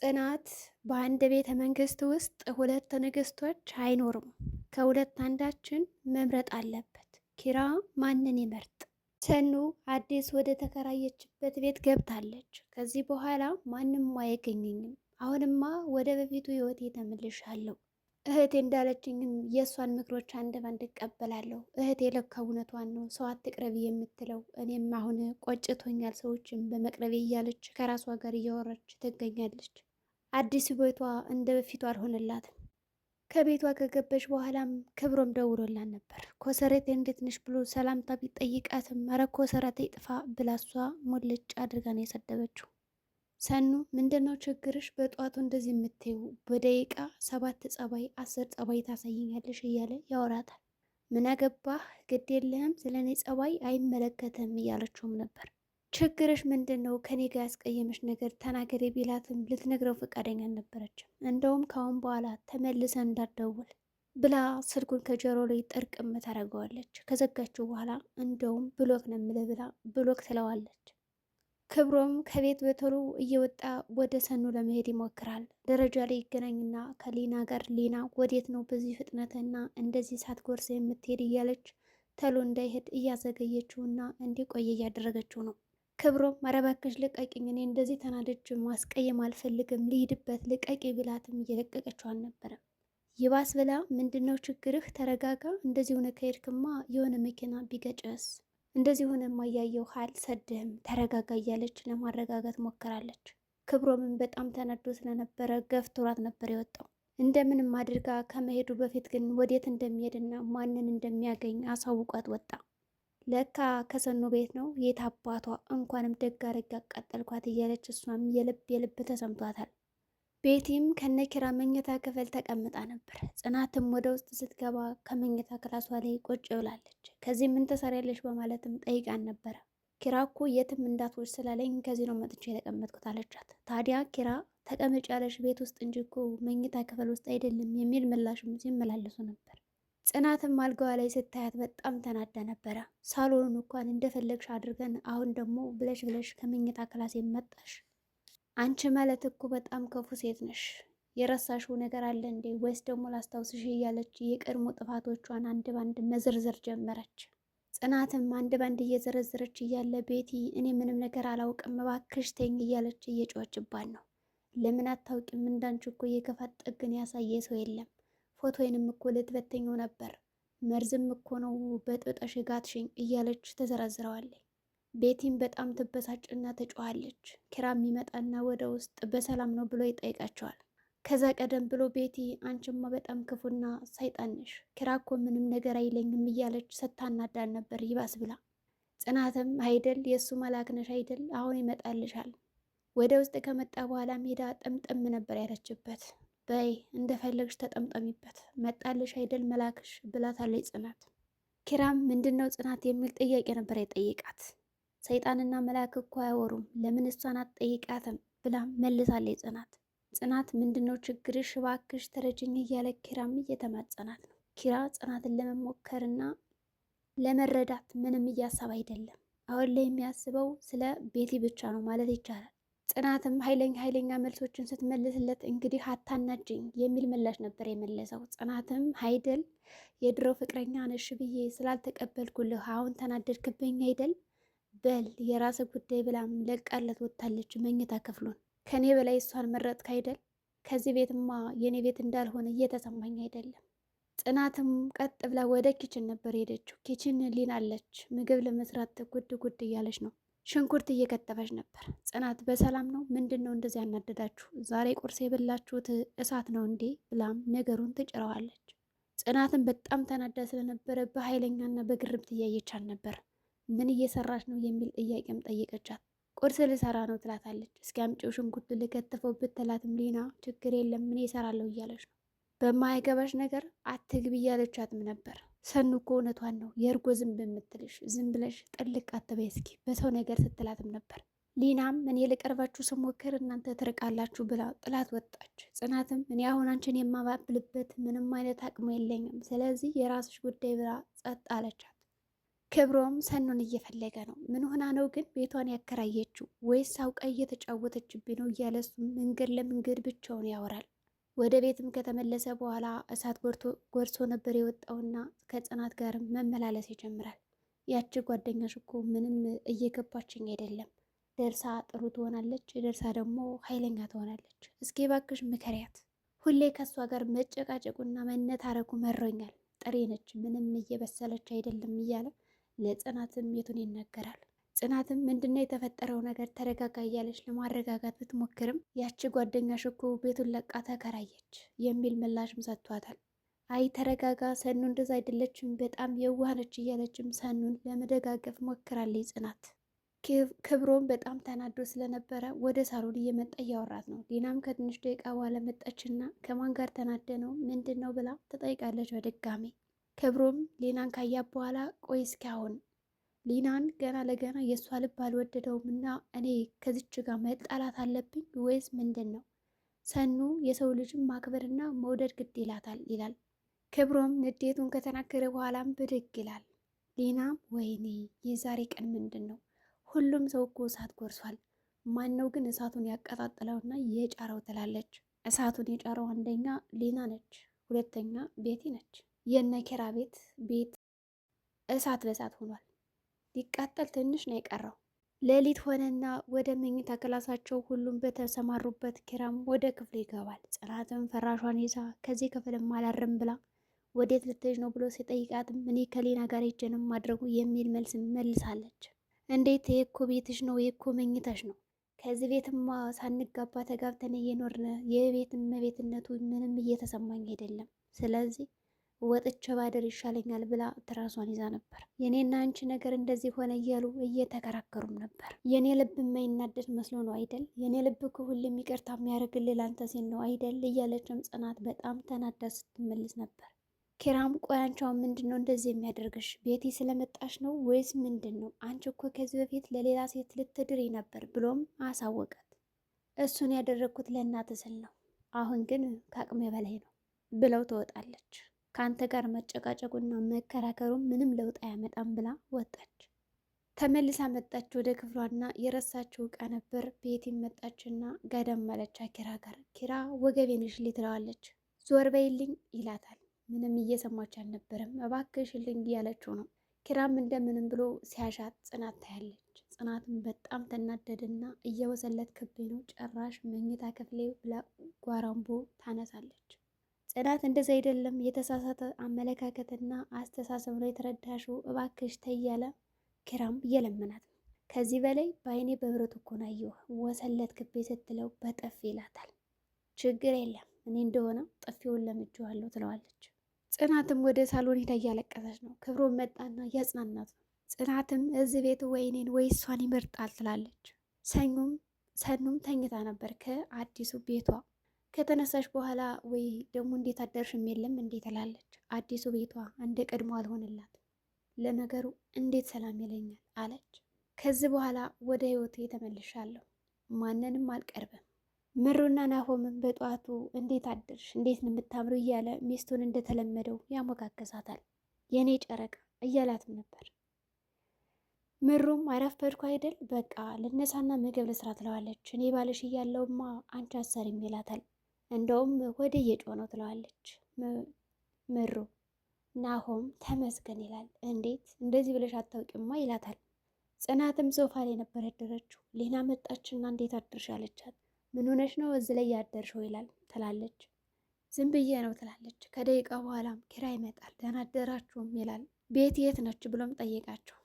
ጽናት በአንድ ቤተ መንግስት ውስጥ ሁለት ንግስቶች አይኖሩም። ከሁለት አንዳችን መምረጥ አለበት። ኪራ ማንን ይመርጥ? ሰኑ አዲስ ወደ ተከራየችበት ቤት ገብታለች። ከዚህ በኋላ ማንም አይገኘኝም። አሁንማ ወደ በፊቱ ህይወቴ ተመልሻለሁ። እህቴ እንዳለችኝም የእሷን ምክሮች አንድ ባንድ እቀበላለሁ። እህቴ ለካ እውነቷን ነው ሰው አትቅረቢ የምትለው። እኔም አሁን ቆጭቶኛል ሰዎችን በመቅረቤ እያለች ከራሷ ጋር እያወራች ትገኛለች። አዲስ ቤቷ እንደ በፊቱ አልሆነላትም። ከቤቷ ከገበች በኋላም ክብሮም ደውሎላት ነበር። ኮሰረቴ እንዴት ነሽ ብሎ ሰላምታ ቢጠይቃትም ኧረ ኮሰረቴ ጥፋ ብላ እሷ ሞልጭ አድርጋ ነው የሰደበችው። ሰኑ ምንድነው ችግርሽ? በጧቱ እንደዚህ የምትይው በደቂቃ ሰባት ጸባይ፣ አስር ጸባይ ታሳይኛለሽ እያለ ያወራታል። ምን አገባህ ግድ የለህም ስለ እኔ ጸባይ አይመለከትም እያለችውም ነበር ችግርሽ ምንድን ነው? ከኔ ጋር ያስቀየመሽ ነገር ተናገሪ ቢላትም ልትነግረው ፈቃደኛ አልነበረችም። እንደውም ካሁን በኋላ ተመልሰ እንዳደውል ብላ ስልኩን ከጆሮ ላይ ጠርቅም ታደርገዋለች። ከዘጋችው በኋላ እንደውም ብሎክ ነው የምልህ ብላ ብሎክ ትለዋለች። ክብሮም ከቤት በቶሎ እየወጣ ወደ ሰኑ ለመሄድ ይሞክራል። ደረጃ ላይ ይገናኝና ከሊና ጋር ሊና ወዴት ነው በዚህ ፍጥነትና እንደዚህ ሳትጎርስ የምትሄድ እያለች ተሎ እንዳይሄድ እያዘገየችውና እንዲቆየ እያደረገችው ነው። ክብሮም መረበክሽ ልቀቂኝ፣ እኔ እንደዚህ ተናደጅ ማስቀየም አልፈልግም፣ ልሂድበት ልቀቂ ብላትም እየለቀቀችው አልነበረም። ይባስ ብላ ምንድን ነው ችግርህ? ተረጋጋ። እንደዚህ ሆነ ከሄድክማ የሆነ መኪና ቢገጨስ? እንደዚህ ሆነ ማያየው ሀል ሰድህም፣ ተረጋጋ እያለች ለማረጋጋት ሞከራለች። ክብሮምን በጣም ተናዶ ስለነበረ ገፍትሯት ነበር የወጣው። እንደምንም አድርጋ ከመሄዱ በፊት ግን ወዴት እንደሚሄድና ማንን እንደሚያገኝ አሳውቋት ወጣ። ለካ ከሰኑ ቤት ነው የት አባቷ እንኳንም ደግ አድርጌ አቃጠልኳት እያለች እሷም የልብ የልብ ተሰምቷታል። ቤቲም ከነ ኪራ መኝታ ክፍል ተቀምጣ ነበር። ጽናትም ወደ ውስጥ ስትገባ ከመኝታ ክላሷ ላይ ቁጭ ብላለች። ከዚህ ምን ትሰሪያለሽ በማለትም ጠይቃን ነበረ። ኪራ እኮ የትም እንዳትወጭ ስላለኝ ከዚህ ነው መጥቼ የተቀመጥኩት አለቻት። ታዲያ ኪራ ተቀመጭ ያለሽ ቤት ውስጥ እንጂ እኮ መኝታ ክፍል ውስጥ አይደለም የሚል ምላሽም ሲመላለሱ ነበር። ጽናትም አልጋዋ ላይ ስታያት በጣም ተናዳ ነበረ። ሳሎኑን እንኳን እንደፈለግሽ አድርገን አሁን ደግሞ ብለሽ ብለሽ ከመኝታ ክላሴ መጣሽ። አንቺ ማለት እኮ በጣም ክፉ ሴት ነሽ። የረሳሽው ነገር አለ እንዴ? ወይስ ደግሞ ላስታውስሽ እያለች የቀድሞ ጥፋቶቿን አንድ ባንድ መዘርዘር ጀመረች። ጽናትም አንድ ባንድ እየዘረዘረች እያለ ቤቲ እኔ ምንም ነገር አላውቅም እባክሽ ተኝ እያለች እየጮችባን ነው። ለምን አታውቂም? እንዳንቺ እኮ የክፋት ጥግን ያሳየ ሰው የለም ፎቶዬንም እኮ ልትበተኘው ነበር፣ መርዝም እኮ ነው በጥብጠሽ ጋትሽኝ እያለች ተዘረዝረዋለች። ቤቲም በጣም ትበሳጭና ተጮኋለች። ኪራም ይመጣና ወደ ውስጥ በሰላም ነው ብሎ ይጠይቃቸዋል። ከዛ ቀደም ብሎ ቤቲ አንቺማ በጣም ክፉና ሰይጣንሽ፣ ኪራ እኮ ምንም ነገር አይለኝም እያለች ስታናዳል ነበር ይባስ ብላ። ጽናትም አይደል የእሱ መልአክ ነሽ አይደል አሁን ይመጣልሻል። ወደ ውስጥ ከመጣ በኋላ ሜዳ ጥምጥም ነበር ያለችበት። በይ እንደፈለግሽ ተጠምጠሚበት መጣልሽ አይደል መላክሽ ብላታለች ጽናት። ኪራም ምንድነው ጽናት የሚል ጥያቄ ነበር የጠይቃት። ሰይጣንና መላክ እኮ አያወሩም ለምን እሷን አትጠይቃትም ብላ መልሳለች ጽናት። ጽናት ምንድነው ችግርሽ እባክሽ ተረጅኝ እያለ ኪራም እየተማጸናት ነው። ኪራ ጽናትን ለመሞከርና ለመረዳት ምንም እያሰብ አይደለም። አሁን ላይ የሚያስበው ስለ ቤቲ ብቻ ነው ማለት ይቻላል። ጽናትም ኃይለኛ ኃይለኛ መልሶችን ስትመልስለት እንግዲህ አታናጅኝ የሚል ምላሽ ነበር የመለሰው። ጽናትም አይደል የድሮ ፍቅረኛ ነሽ ብዬ ስላልተቀበልኩልህ አሁን ተናደድክብኝ አይደል? በል የራስ ጉዳይ ብላም ለቃለት ወታለች መኝታ ክፍሉን ከኔ በላይ እሷን መረጥክ አይደል? ከዚህ ቤትማ የኔ ቤት እንዳልሆነ እየተሰማኝ አይደለም። ጽናትም ቀጥ ብላ ወደ ኪችን ነበር የሄደችው። ኪችን ሊናለች ምግብ ለመስራት ጉድ ጉድ እያለች ነው ሽንኩርት እየከተፈች ነበር። ጽናት በሰላም ነው? ምንድን ነው እንደዚህ ያናደዳችሁ? ዛሬ ቁርስ የበላችሁት እሳት ነው እንዴ? ብላም ነገሩን ትጭረዋለች። ጽናትን በጣም ተናዳ ስለነበረ በኃይለኛና በግርምት እያየቻት ነበር። ምን እየሰራች ነው የሚል ጥያቄም ጠየቀቻት። ቁርስ ልሰራ ነው ትላታለች። እስኪ አምጪው ሽንኩርት ልከትፈው ብትላትም ሊና ችግር የለም ምን ይሰራለሁ እያለች ነው። በማይገባሽ ነገር አትግቢ እያለቻትም ነበር። ሰኑ እኮ እውነቷን ነው። የእርጎ ዝንብ የምትልሽ ዝም ብለሽ ጥልቅ አትበይ እስኪ በሰው ነገር ስትላትም ነበር። ሊናም እኔ ልቀርባችሁ ስሞክር እናንተ ትርቃላችሁ ብላ ጥላት ወጣች። ጽናትም እኔ አሁን አንቺን የማባብልበት ምንም አይነት አቅሙ የለኝም፣ ስለዚህ የራስሽ ጉዳይ ብላ ጸጥ አለቻት። ክብሮም ሰኑን እየፈለገ ነው። ምን ሆና ነው ግን ቤቷን ያከራየችው ወይስ አውቃ እየተጫወተችብኝ ነው እያለ እሱ መንገድ ለመንገድ ብቻውን ያወራል። ወደ ቤትም ከተመለሰ በኋላ እሳት ጎርሶ ነበር የወጣውና ከጽናት ጋርም መመላለስ ይጀምራል። ያቺ ጓደኛሽ እኮ ምንም እየገባችኝ አይደለም፣ ደርሳ ጥሩ ትሆናለች፣ ደርሳ ደግሞ ኃይለኛ ትሆናለች። እስኪ ባክሽ ምከሪያት። ሁሌ ከእሷ ጋር መጨቃጨቁና መነታረኩ መሮኛል። ጥሬ ነች፣ ምንም እየበሰለች አይደለም እያለ ለጽናትም የቱን ይናገራል። ጽናትም ምንድነው የተፈጠረው ነገር ተረጋጋ እያለች ለማረጋጋት ብትሞክርም ያቺ ጓደኛሽ እኮ ቤቱን ለቃ ተከራየች የሚል ምላሽም ሰጥቷታል። አይ ተረጋጋ ሰኑ እንደዛ አይደለችም፣ በጣም የዋህነች እያለችም ሰኑን ለመደጋገፍ ሞክራለች ጽናት። ክብሮም በጣም ተናዶ ስለነበረ ወደ ሳሎን እየመጣ እያወራት ነው። ዲናም ከትንሽ ደቂቃ በኋላ መጣችና ከማን ጋር ተናደ ነው ምንድን ነው ብላ ትጠይቃለች በድጋሚ ክብሮም ሌናን ካያ በኋላ ቆይ እስኪ አሁን ሊናን ገና ለገና የእሷ ልብ አልወደደውም እና እኔ ከዚች ጋር መጣላት አለብኝ ወይስ ምንድን ነው? ሰኑ የሰው ልጅን ማክበርና መውደድ ግድ ይላታል ይላል። ክብሮም ንዴቱን ከተናገረ በኋላም ብድግ ይላል። ሊናም ወይኔ የዛሬ ቀን ምንድን ነው? ሁሉም ሰው እኮ እሳት ጎርሷል። ነው ግን እሳቱን ያቀጣጠለውና የጫረው ትላለች። እሳቱን የጫረው አንደኛ ሊና ነች፣ ሁለተኛ ቤቲ ነች። የነኬራ ቤት ቤት እሳት በሳት ሆኗል። ሊቃጠል ትንሽ ነው የቀረው። ሌሊት ሆነና ወደ መኝታ ክላሳቸው ሁሉም በተሰማሩበት ኪራም ወደ ክፍል ይገባል። ጽናትም ፈራሿን ይዛ ከዚህ ክፍልም አላርም ብላ ወዴት ልትሄጂ ነው ብሎ ሲጠይቃትም እኔ ከሌና ጋር ሄጀንም ማድረጉ የሚል መልስ መልሳለች። እንዴት የኮ ቤትሽ ነው የኮ መኝታሽ ነው ከዚህ ቤትማ ሳንጋባ ተጋብተን እየኖርን የቤት እመቤትነቱ ምንም እየተሰማኝ አይደለም። ስለዚህ ወጥቼ ባደር ይሻለኛል ብላ ትራሷን ይዛ ነበር። የኔና አንቺ ነገር እንደዚህ ሆነ እያሉ እየተከራከሩም ነበር። የኔ ልብ የማይናደድ መስሎ ነው አይደል? የኔ ልብ እኮ ሁሌም ይቅርታ የሚያደርግልህ ላንተ ሲል ነው አይደል? እያለችም ጽናት በጣም ተናዳ ስትመልስ ነበር። ኪራም ቆያንቻው ምንድን ነው እንደዚህ የሚያደርግሽ? ቤቴ ስለመጣሽ ነው ወይስ ምንድን ነው? አንቺ እኮ ከዚህ በፊት ለሌላ ሴት ልትድሪ ነበር ብሎም አሳወቀት እሱን ያደረግኩት ለእናት ስል ነው፣ አሁን ግን ከአቅሜ በላይ ነው ብለው ትወጣለች። ከአንተ ጋር መጨቃጨቁና መከራከሩ ምንም ለውጥ አያመጣም ብላ ወጣች። ተመልሳ መጣች ወደ ክፍሏና የረሳችው ዕቃ ነበር። ቤቲም መጣችና ጋዳም አለች ኪራ ጋር። ኪራ ወገቤን ሽሊ ትለዋለች። ዞር በይልኝ ይላታል። ምንም እየሰማች አልነበረም። እባክሽ ሽልኝ እያለችው ነው። ኪራም እንደምንም ብሎ ሲያሻት ጽናት ታያለች። ጽናትም በጣም ተናደድና እየወሰለት ክቤ ነው ጨራሽ መኝታ ክፍሌ ብላ ጓራምቦ ታነሳለች። ጽናት እንደዚ አይደለም የተሳሳተ አመለካከትና አስተሳሰብ ነው የተረዳሽው፣ እባክሽ ተያለ ኪራም እየለመናት ነው። ከዚህ በላይ በአይኔ በብረት እኮ ነው ወሰለት ክቤ ስትለው በጥፊ ይላታል። ችግር የለም እኔ እንደሆነ ጥፊውን ለምጄዋለሁ ትለዋለች። ጽናትም ወደ ሳሎን ሄዳ እያለቀሰች ነው። ክብሮን መጣና እያጽናናት ነው። ጽናትም እዚህ ቤት ወይኔን ወይ እሷን ይመርጣል ትላለች። ሰኙም ሰኑም ተኝታ ነበር ከአዲሱ ቤቷ ከተነሳሽ በኋላ ወይ ደግሞ እንዴት አደርሽም የለም እንዴት ትላለች። አዲሱ ቤቷ እንደ ቀድሞ አልሆነላት። ለነገሩ እንዴት ሰላም ይለኛል አለች። ከዚህ በኋላ ወደ ህይወቴ ተመልሻለሁ፣ ማንንም አልቀርብም። ምሩና ናሆምን በጠዋቱ እንዴት አደርሽ፣ እንዴት ነው የምታምሩ እያለ ሚስቱን እንደተለመደው ያሞጋገዛታል። የእኔ ጨረቃ እያላትም ነበር። ምሩም አረፈድኩ አይደል በቃ ልነሳና ምግብ ልስራ ትለዋለች። እኔ ባልሽ እያለውማ አንቺ አሰሪም ይላታል። እንደውም ወደ የጮ ነው ትለዋለች ምሩ። ናሆም ተመስገን ይላል። እንዴት እንደዚህ ብለሽ አታውቂማ ይላታል። ጽናትም ሶፋ ላይ ነበር ያደረችው። ሌና መጣችና እንዴት አደርሽ አለቻት። ምን ሆነሽ ነው እዚህ ላይ ያደርሽው ይላል ትላለች። ዝም ብዬ ነው ትላለች። ከደቂቃ በኋላም ኪራ ይመጣል። ደህና አደራችሁም ይላል። ቤት የት ነች ብሎም ጠየቃቸው።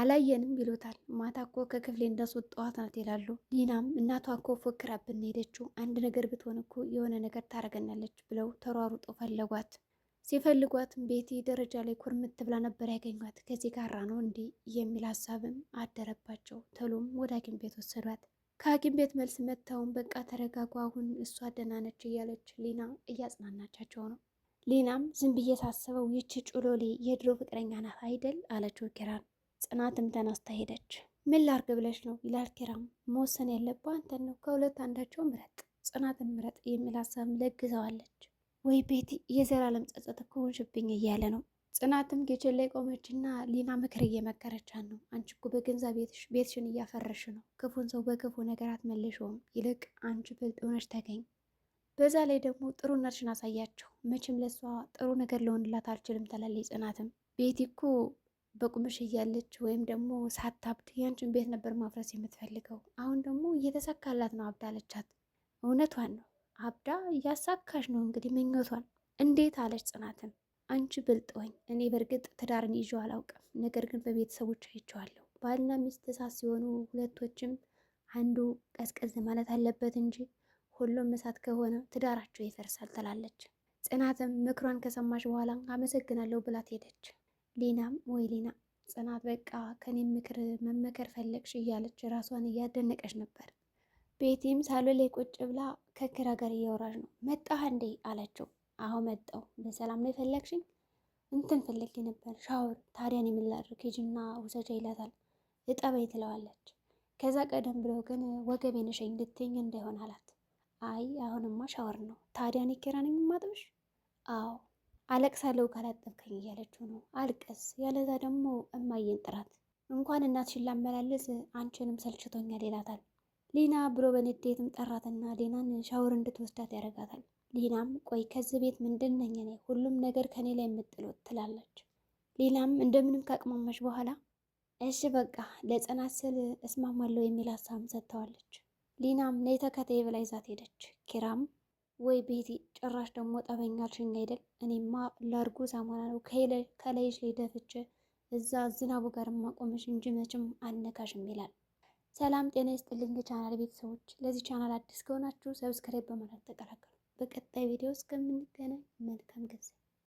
አላየንም ይሉታል። ማታ እኮ ከክፍሌ እንዳስወጣኋት ናት ይላሉ። ሊናም እናቷ እኮ ፎክራብን ሄደችው፣ አንድ ነገር ብትሆን እኮ የሆነ ነገር ታረገናለች ብለው ተሯሩጦ ፈለጓት። ሲፈልጓትም ቤቲ ደረጃ ላይ ኩርምት ብላ ነበር ያገኟት። ከዚህ ጋራ ነው እንዲ የሚል ሀሳብም አደረባቸው። ተሎም ወደ ሐኪም ቤት ወሰዷት። ከሐኪም ቤት መልስ መጥተውም በቃ ተረጋጉ፣ አሁን እሷ ደህና ነች እያለች ሊና እያጽናናቻቸው ነው። ሊናም ዝም ብዬ ሳስበው ይቺ ጩሎሌ የድሮ ፍቅረኛ ናት አይደል አለችው ኪራን ጽናትም ተናስታ ሄደች። ምን ላርግ ብለሽ ነው ይላል ኪራም። መወሰን ያለብህ አንተን ነው፣ ከሁለት አንዳቸው ምረጥ፣ ጽናትን ምረጥ የሚል ሀሳብ ለግዘዋለች። ወይ ቤቲ የዘላለም ጸጸት እኮ ሆንሽብኝ እያለ ነው። ጽናትም ጌችን ላይ ቆመችና ሊና ምክር እየመከረቻን ነው። አንቺ እኮ በገንዛ ቤትሽን እያፈረሽ ነው። ክፉን ሰው በክፉ ነገር አትመልሺውም። ይልቅ አንቺ ብልጥ ሆነች ተገኝ። በዛ ላይ ደግሞ ጥሩነትሽን አሳያቸው። መቼም ለሷ ጥሩ ነገር ልሆንላት አልችልም ትላለች ጽናትም ቤቲ እኮ በቁምሽ እያለች ወይም ደግሞ ሳታብድ ያንቺን ቤት ነበር ማፍረስ የምትፈልገው። አሁን ደግሞ እየተሳካላት ነው። አብዳ አለቻት። እውነቷን ነው። አብዳ እያሳካሽ ነው እንግዲህ ምኞቷን። እንዴት አለች ጽናትም አንቺ ብልጥወኝ እኔ በእርግጥ ትዳርን ይዞ አላውቅም፣ ነገር ግን በቤተሰቦች አይቼዋለሁ። ባልና ሚስት እሳት ሲሆኑ ሁለቶችም አንዱ ቀዝቀዝ ማለት አለበት እንጂ ሁሉም እሳት ከሆነ ትዳራቸው ይፈርሳል ትላለች ጽናትም ምክሯን ከሰማች በኋላ አመሰግናለሁ ብላት ሄደች። ሌና ወይ ሌና ጽናት በቃ ከኔም ምክር መመከር ፈለግሽ እያለች ራሷን እያደነቀች ነበር። ቤቲም ሳሎን ላይ ቁጭ ብላ ከኪራ ጋር እያወራች ነው። መጣህ እንዴ አለችው። አሁ መጣው። በሰላም ነው የፈለግሽኝ? እንትን ፈለግ ነበር ሻወር። ታዲያን የምላድርግ ሂጂና ውሰጃ ይላታል። እጠበይ ትለዋለች። ከዛ ቀደም ብለው ግን ወገቤን ሸኝ ልትይኝ እንዳይሆን አላት። አይ አሁንማ ሻወር ነው። ታዲያን ኪራን የማጥብሽ? አዎ አለቅሳለሁ ካላጠብከኝ እያለችው ነው። አልቀስ ያለዛ ደግሞ እማዬን ጥራት እንኳን እናትሽን ላመላለስ አንቺንም ሰልችቶኛል ይላታል። ሊና ብሎ በንዴትም ጠራትና ሊናን ሻወር እንድትወስዳት ያደርጋታል። ሊናም ቆይ ከዚህ ቤት ምንድን ነኝ እኔ ሁሉም ነገር ከኔ ላይ የምጥሎት ትላለች። ሊናም እንደምንም ካቅማማች በኋላ እሺ በቃ ለጽናት ስል እስማማለሁ የሚል ሀሳብም ሰጥተዋለች። ሊናም ነይ ተከተይ ብላ ይዛት ሄደች። ኪራም ወይ ቤቲ ጭራሽ ደግሞ ጠበኛ አልሽኝ አይደል? እኔማ ላርጎ ሳሙና ነው ከላይሽ ላይ ደፍቼ እዛ ዝናቡ ጋር ማቆምሽ እንጂ መቼም አነካሽም ይላል። ሰላም ጤና ይስጥልኝ የቻናል ቤተሰቦች፣ ለዚህ ቻናል አዲስ ከሆናችሁ ሰብስክራይብ በማድረግ ተቀላቀሉ። በቀጣይ ቪዲዮ እስከምንገናኝ መልካም ጊዜ